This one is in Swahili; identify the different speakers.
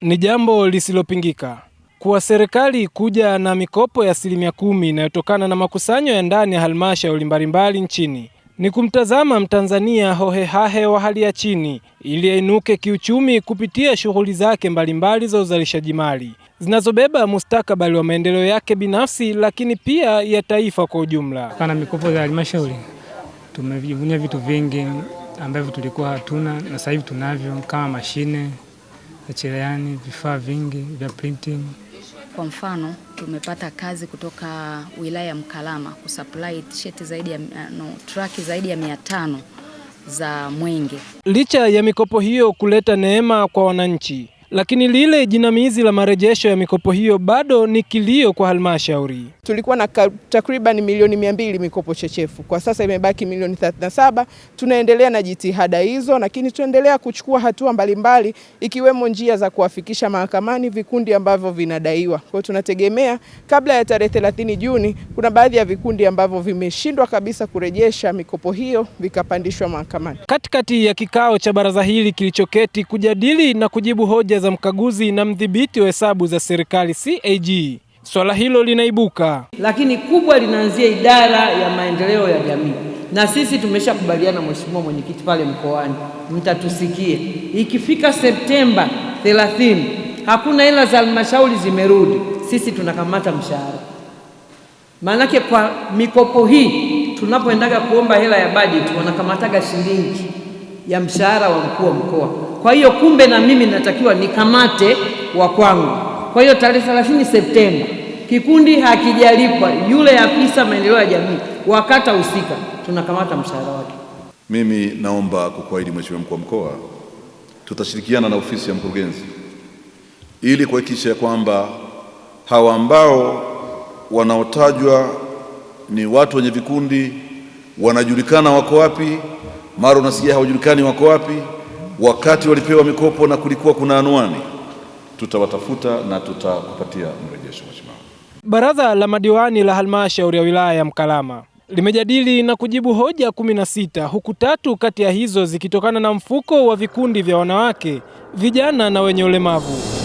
Speaker 1: Ni jambo lisilopingika kuwa serikali kuja na mikopo ya asilimia kumi inayotokana na makusanyo ya ndani ya halmashauri mbalimbali nchini ni kumtazama Mtanzania hohehahe wa hali ya chini ili ainuke kiuchumi kupitia shughuli zake mbalimbali za uzalishaji mali zinazobeba mustakabali wa maendeleo yake binafsi, lakini pia ya taifa kwa ujumla.
Speaker 2: Kana mikopo za halmashauri tumejivunia vitu vingi ambavyo tulikuwa hatuna na sasa hivi tunavyo, kama mashine cherehani, vifaa vingi vya printing.
Speaker 3: Kwa mfano tumepata kazi kutoka wilaya ya Mkalama kusupply t-shirt zaidi ya eh, no, traki zaidi ya mia tano za mwenge.
Speaker 1: Licha ya mikopo hiyo kuleta neema kwa wananchi, lakini lile jinamizi la marejesho ya mikopo hiyo bado ni kilio kwa halmashauri.
Speaker 4: Tulikuwa na takriban milioni mia mbili mikopo chechefu, kwa sasa imebaki milioni 37. Tunaendelea na jitihada hizo, lakini tunaendelea kuchukua hatua mbalimbali, ikiwemo njia za kuwafikisha mahakamani vikundi ambavyo vinadaiwa. Kwa hiyo tunategemea kabla ya tarehe 30 Juni, kuna baadhi ya vikundi ambavyo vimeshindwa kabisa kurejesha mikopo hiyo vikapandishwa mahakamani.
Speaker 1: Katikati ya kikao cha baraza hili kilichoketi kujadili na kujibu hoja hoja za mkaguzi na mdhibiti wa hesabu za serikali CAG swala hilo linaibuka,
Speaker 5: lakini kubwa linaanzia idara ya maendeleo ya jamii, na sisi tumeshakubaliana, mheshimiwa mwenyekiti, pale mkoani mtatusikie, ikifika Septemba 30 hakuna hela za halmashauri zimerudi, sisi tunakamata mshahara. Maanake kwa mikopo hii tunapoendaga kuomba hela ya bajeti wanakamataga shilingi ya mshahara wa mkuu wa mkoa. Kwa hiyo kumbe na mimi natakiwa nikamate wa kwangu. Kwa hiyo tarehe 30 Septemba kikundi hakijalipwa, yule afisa maendeleo ya jamii wakata husika tunakamata mshahara wake.
Speaker 6: Mimi naomba kukuahidi Mheshimiwa mkuu wa mkoa, tutashirikiana na ofisi ya mkurugenzi ili kuhakikisha kwamba hawa ambao wanaotajwa ni watu wenye vikundi wanajulikana wako wapi mara unasikia hawajulikani wako wapi. Wakati walipewa mikopo na kulikuwa kuna anwani, tutawatafuta na tutakupatia mrejesho. Mheshimiwa,
Speaker 1: baraza la madiwani la halmashauri ya wilaya ya Mkalama limejadili na kujibu hoja kumi na sita huku tatu kati ya hizo zikitokana na mfuko wa vikundi vya wanawake, vijana na wenye ulemavu.